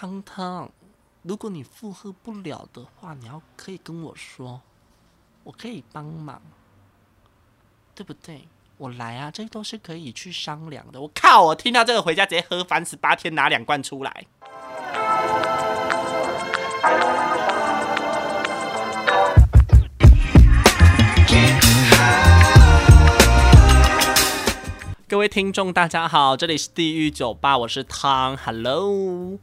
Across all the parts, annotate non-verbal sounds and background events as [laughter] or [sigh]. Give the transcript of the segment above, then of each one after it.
湯湯，如果你負荷不了的話，你要可以跟我說，我可以幫忙，對不對？我來啊，這都是可以去商量的。我靠，我聽到這個回家直接喝煩死。八天，拿兩罐出來。各位聽眾，大家好，這裡是地獄酒吧，我是湯，Hello。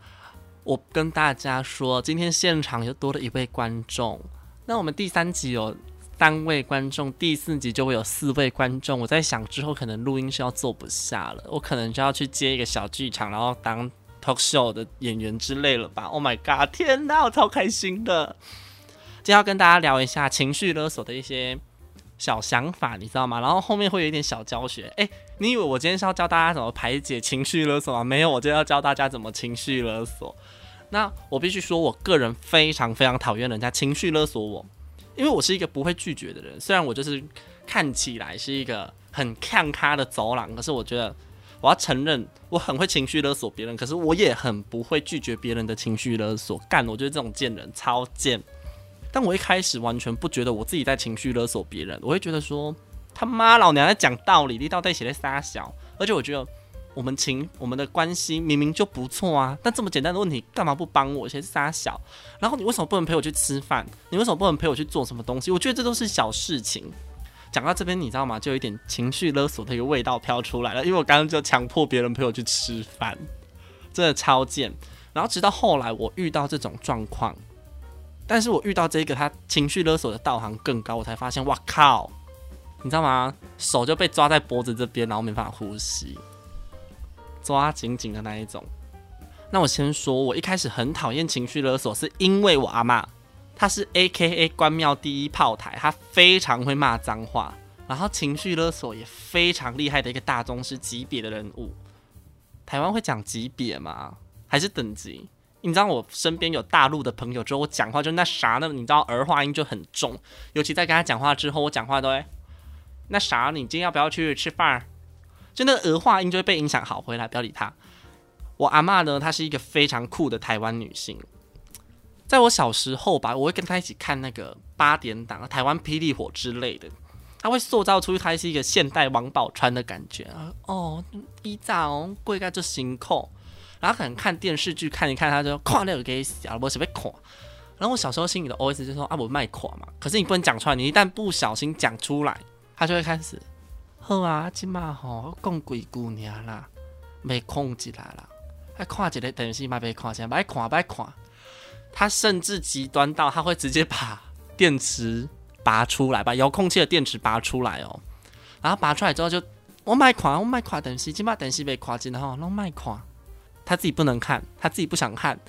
我跟大家說，今天現場又多了一位觀眾。那我們第三集有三位觀眾，第四集就會有四位觀眾。我在想，之後可能錄音是要坐不下了，我可能就要去接一個小劇場，然後當 talk show 的演員之類了吧？Oh my god！天哪，我超開心的。今天要跟大家聊一下情緒勒索的一些小想法，你知道嗎？然後後面會有一點小教學。誒、欸，你以為我今天是要教大家怎麼排解情緒勒索啊？沒有，我今天要教大家怎麼情緒勒索。那我必須說，我個人非常非常討厭人家情緒勒索我，因為我是一個不會拒絕的人。雖然我就是看起來是一個很抗卡的走廊，可是我覺得我要承認，我很會情緒勒索別人。可是我也很不會拒絕別人的情緒勒索。幹，我覺得這種賤人超賤。但我一開始完全不覺得我自己在情緒勒索別人，我會覺得說他媽老娘在講道理，你到底是在殺小？而且我覺得。我們情我們的關係明明就不錯啊，但這麼簡單的問題幹嘛不幫我？你是三小，然後你為什麼不能陪我去吃飯？你為什麼不能陪我去做什麼東西？我覺得這都是小事情。講到這邊，你知道嗎？就有一點情緒勒索的一個味道飄出來了，因為我剛剛就強迫別人陪我去吃飯，真的超賤。然後直到後來我遇到這種狀況，但是我遇到這個他情緒勒索的道行更高，我才發現，哇靠，你知道嗎？手就被抓在脖子這邊，然後沒法呼吸。抓緊緊的那一種。那我先說，我一開始很討厭情緒勒索，是因為我阿嬤，她是 AKA 關廟第一炮台，她非常會罵髒話，然後情緒勒索也非常厲害的一個大宗師級別的人物。台灣會講級別嗎？還是等級？你知道我身邊有大陸的朋友，之後我講話就那啥呢？你知道兒化音就很重，尤其在跟他講話之後，我講話都會、欸……那啥，你今天要不要去吃飯？就那個兒化音就會被影響。好，回來，不要理他。我阿嬤呢，她是一個非常酷的台灣女性，在我小時候吧，我會跟她一起看那個八點檔、台灣霹靂火之類的，她會塑造出她是一個現代王寶釧的感覺。哦哦，衣哦，跪在這新扣，然後可能看電視劇看一看，她就說垮那個給死啊，我準備垮。然後我小時候心裡的 OS 就說啊，我賣垮嘛，可是你不能講出來，你一旦不小心講出來，她就會開始。好啊，今麥吼我講幾句爾啦，袂控制啦啦，愛看一個電視嘛，袂看來，啥，歹看歹看。他甚至極端到，他會直接把電池拔出來，把遙控器的電池拔出來哦。然後拔出來之後，就我歹款，我歹看，看電視，今麥電視袂看進吼、哦，攏歹款，他自己不能看，他自己不想看，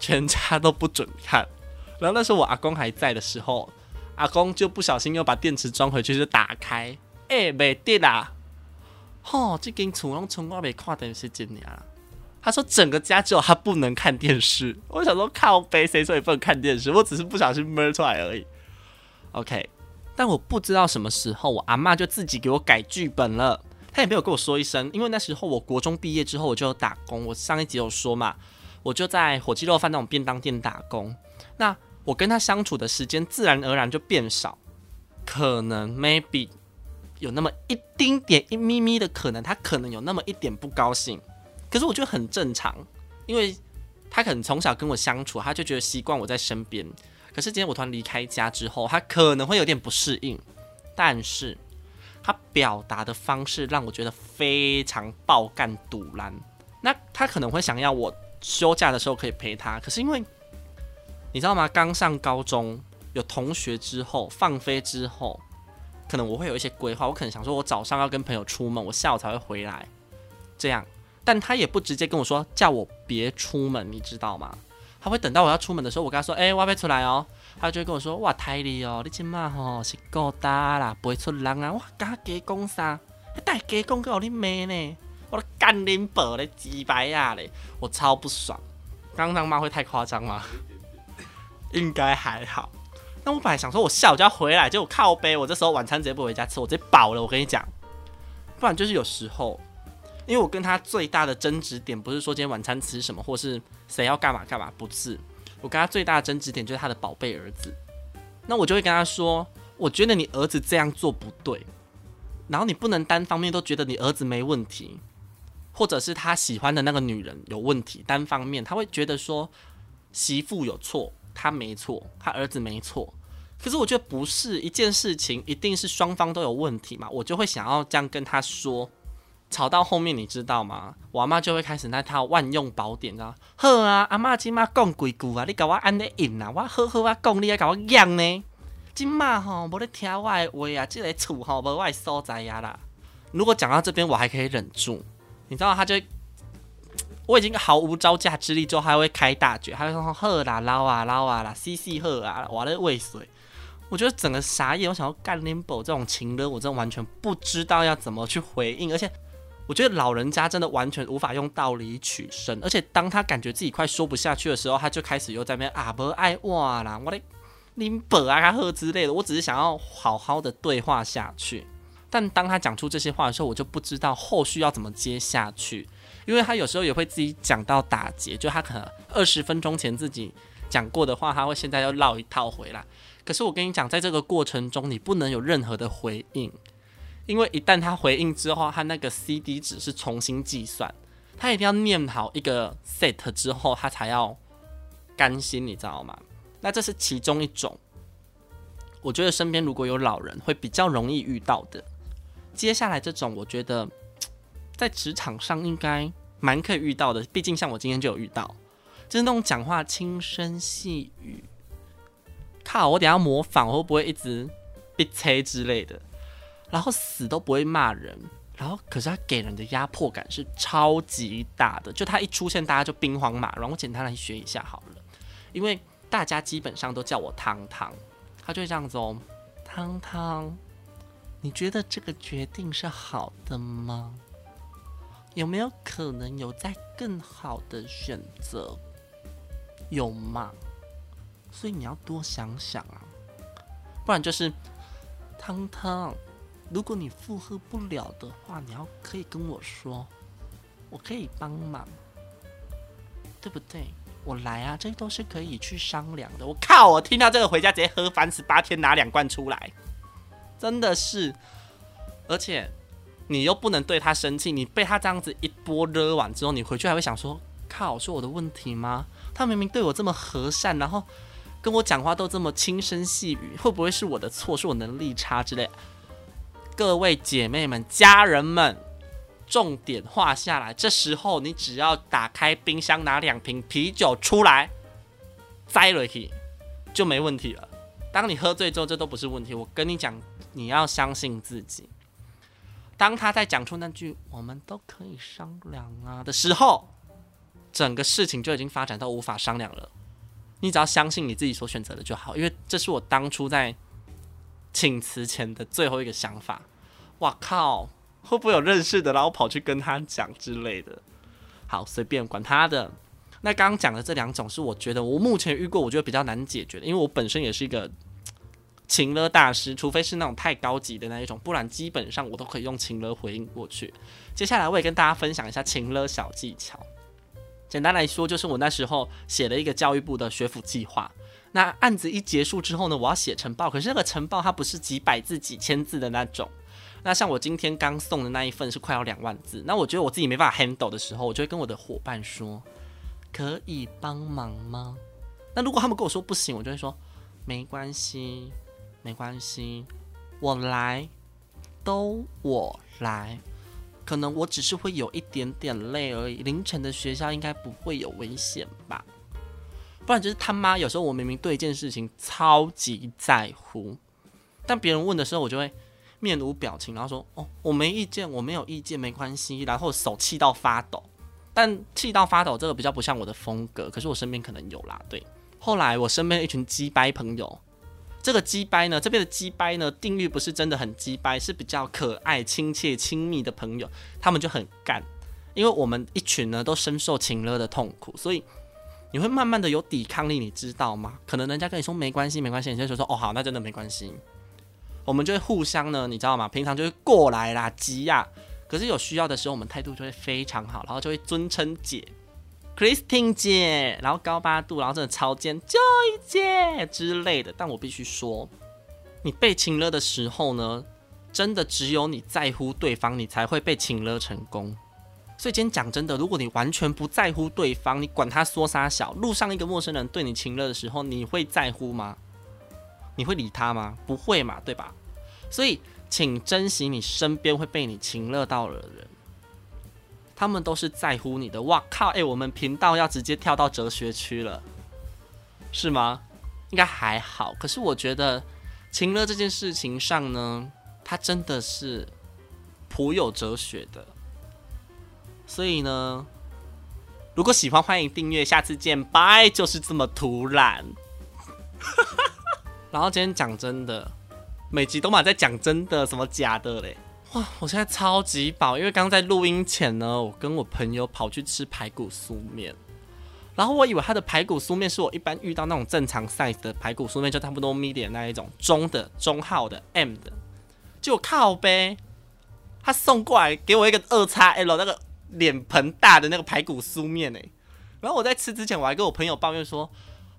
全家都不准看。然後那時候我阿公還在的時候，阿公就不小心又把電池裝回去，就打開。哎、欸，沒得啦！吼、哦，這近厝攏村我未看電視幾年啦。他說整個家只有他不能看電視。我想說靠，被誰說也不能看電視，我只是不小心悶出來而已。OK，但我不知道什麼時候我阿嬤就自己給我改劇本了，她也沒有跟我說一聲。因為那時候我國中畢業之後我就有打工，我上一集有說嘛，我就在火雞肉飯那種便當店打工。那我跟他相處的時間自然而然就變少，可能 maybe。有那麼一丁點一咪咪的可能，他可能有那麼一點不高興，可是我覺得很正常，因為他可能從小跟我相處，他就覺得習慣我在身邊。可是今天我突然離開家之後，他可能會有點不適應，但是他表達的方式讓我覺得非常爆幹賭爛。那他可能會想要我休假的時候可以陪他，可是因為你知道嗎？剛上高中有同學之後放飛之後。可能我會有一些規劃，我可能想說，我早上要跟朋友出門，我下午才會回來，這樣。但他也不直接跟我說叫我別出門，你知道嗎？他會等到我要出門的時候，我跟他說，哎、欸，我要出來哦。他就會跟我說，哇，太厲哦，你今嘛吼是夠大啦，不會出人啊，哇，加加工啥，啥還帶加工去學你妹呢，我都幹你白嘞，雞白牙嘞，我超不爽。剛剛罵會太誇張嗎？ [laughs] 應該還好。那我本來想說，我下午就要回來，結果靠杯。我這時候晚餐直接不回家吃，我直接飽了。我跟你講，不然就是有時候，因為我跟他最大的爭執點不是說今天晚餐吃什麼，或是誰要幹嘛幹嘛，不是。我跟他最大的爭執點就是他的寶貝兒子。那我就會跟他說，我覺得你兒子這樣做不對，然後你不能單方面都覺得你兒子沒問題，或者是他喜歡的那個女人有問題，單方面他會覺得說媳婦有錯。他沒錯，他兒子沒錯，可是我覺得不是一件事情，一定是雙方都有問題嘛，我就會想要這樣跟他說。吵到後面，你知道嗎？我阿媽就會開始那套萬用寶典，知道嗎？好啊，阿媽今嘛講幾句啊，你搞我按你贏啦，我好好啊，講你啊，搞我贏呢。今嘛吼，無咧聽我的話啊，這個厝吼無我的所在呀啦。如果講到這邊，我還可以忍住，你知道他就。我已經毫無招架之力，之後還會開大絕，還會說喝啦撈啊撈啊啦，嘻嘻，喝啊，我的未遂。我覺得整個傻眼，我想要幹 limbo 這種情歌，我真的完全不知道要怎麼去回應。而且我覺得老人家真的完全無法用道理取勝，而且當他感覺自己快說不下去的時候，他就開始又在那邊啊不愛我啦，我的 limbo 啊他喝之類的。我只是想要好好的對話下去。但當他講出這些話的時候，我就不知道後續要怎麼接下去，因為他有時候也會自己講到打結，就他可能二十分鐘前自己講過的話，他會現在要繞一套回來。可是我跟你講，在這個過程中，你不能有任何的回應，因為一旦他回應之後，他那個 CD 只是重新計算，他一定要念好一個 set 之後，他才要甘心，你知道嗎？那這是其中一種，我覺得身邊如果有老人，會比較容易遇到的。接下來這種，我覺得在職場上應該蠻可以遇到的。畢竟像我今天就有遇到，就是那種講話輕聲細語，靠，我等下模仿，我會不會一直被催之類的？然後死都不會罵人，然後可是他給人的壓迫感是超級大的。就他一出現，大家就兵荒馬亂。我簡單來學一下好了，因為大家基本上都叫我湯湯，他就是這樣子哦，湯湯。你覺得這個決定是好的嗎？有沒有可能有再更好的選擇？有嗎？所以你要多想想啊，不然就是湯湯，如果你負荷不了的話，你要可以跟我說，我可以幫忙，對不對？我來啊，這些都是可以去商量的。我靠、啊，我聽到這個回家直接喝反十八天，拿兩罐出來。真的是，而且你又不能對他生氣，你被他這樣子一波熱完之後，你回去還會想說：靠，是我的問題嗎？他明明對我這麼和善，然後跟我講話都這麼輕聲細語，會不會是我的錯？是我能力差之類的？各位姐妹們、家人們，重點畫下來，這時候你只要打開冰箱拿兩瓶啤酒出來，栽下去，就沒問題了。當你喝醉之後，這都不是問題。我跟你講。你要相信自己。當他在講出那句“我們都可以商量啊”的時候，整個事情就已經發展到無法商量了。你只要相信你自己所選擇的就好，因為這是我當初在請辭前的最後一個想法。哇靠！會不會有認識的，然後跑去跟他講之類的？好，隨便管他的。那剛剛講的這兩種是我覺得我目前遇過，我覺得比較難解決的，因為我本身也是一個。情勒大師，除非是那種太高級的那一種，不然基本上我都可以用情勒回應過去。接下來我也跟大家分享一下情勒小技巧。簡單來說，就是我那時候寫了一個教育部的學府計劃，那案子一結束之後呢，我要寫呈報，可是那個呈報它不是幾百字、幾千字的那種。那像我今天剛送的那一份是快要兩萬字，那我覺得我自己沒辦法 handle 的時候，我就會跟我的伙伴說，可以幫忙嗎？那如果他們跟我說不行，我就會說沒關係。沒關係，我來，都我來。可能我只是會有一點點累而已。凌晨的學校應該不會有危險吧？不然就是他媽。有時候我明明對一件事情超級在乎，但別人問的時候，我就會面無表情，然後說：“哦，我沒意見，我沒有意見，沒關係。”然後手氣到發抖，但氣到發抖這個比較不像我的風格。可是我身邊可能有啦。對，後來我身邊一群雞掰朋友。這個雞掰呢，這邊的雞掰呢，定律不是真的很雞掰，是比較可愛、親切、親密的朋友，他們就很幹。因為我們一群呢都深受情勒的痛苦，所以你會慢慢的有抵抗力，你知道嗎？可能人家跟你說沒關係，沒關係，你就說說哦好，那真的沒關係。我們就會互相呢，你知道嗎？平常就會過來啦，雞呀、啊。可是有需要的時候，我們態度就會非常好，然後就會尊稱姐，Christine 姐，然後高八度，然後真的超尖 Joy 姐之類的。但我必須說，你被情勒的時候呢，真的只有你在乎對方，你才會被情勒成功。所以今天講真的，如果你完全不在乎對方，你管他說啥小，路上一個陌生人對你情勒的時候，你會在乎嗎？你會理他嗎？不會嘛，對吧？所以，請珍惜你身邊會被你情勒到了的人。他們都是在乎你的。哇靠！哎、欸，我們頻道要直接跳到哲學區了，是嗎？應該還好。可是我覺得，情勒這件事情上呢，它真的是頗有哲學的。所以呢，如果喜歡，歡迎訂閱。下次見，拜！就是這麼突然。 [laughs] 然後今天講真的，每集都嘛在講真的，什麼假的嘞？哇，我現在超級飽，因為剛在錄音前呢，我跟我朋友跑去吃排骨酥麵，然後我以為他的排骨酥麵是我一般遇到那種正常 size 的排骨酥麵，就差不多 medium 那一種中的，中的中號的 M 的，就靠唄。他送過來給我一個 2XL 那個臉盆大的那個排骨酥麵誒、欸，然後我在吃之前我還跟我朋友抱怨說，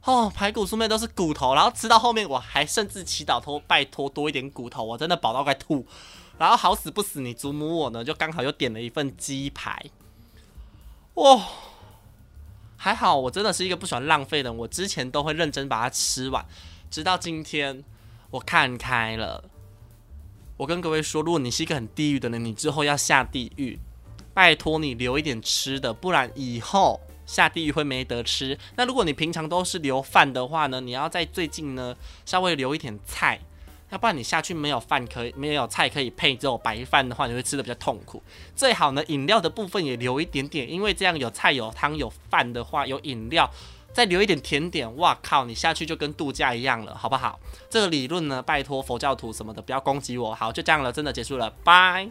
哦排骨酥麵都是骨頭，然後吃到後面我還甚至祈禱托拜託多一點骨頭，我真的飽到快吐。然後好死不死，你祖母我呢，就剛好又點了一份雞排，哇、哦！還好，我真的是一個不喜歡浪費的人，我之前都會認真把它吃完，直到今天我看開了。我跟各位說，如果你是一個很地獄的人，你之後要下地獄，拜託你留一點吃的，不然以後下地獄會沒得吃。那如果你平常都是留飯的話呢，你要在最近呢稍微留一點菜。要不然你下去沒有飯可以，沒有菜可以配這種白飯的話，你會吃得比較痛苦。最好呢，飲料的部分也留一點點，因為這樣有菜有湯有飯的話，有飲料，再留一點甜點。哇靠，你下去就跟度假一樣了，好不好？這個理論呢，拜託佛教徒什麼的不要攻擊我。好，就這樣了，真的結束了，拜。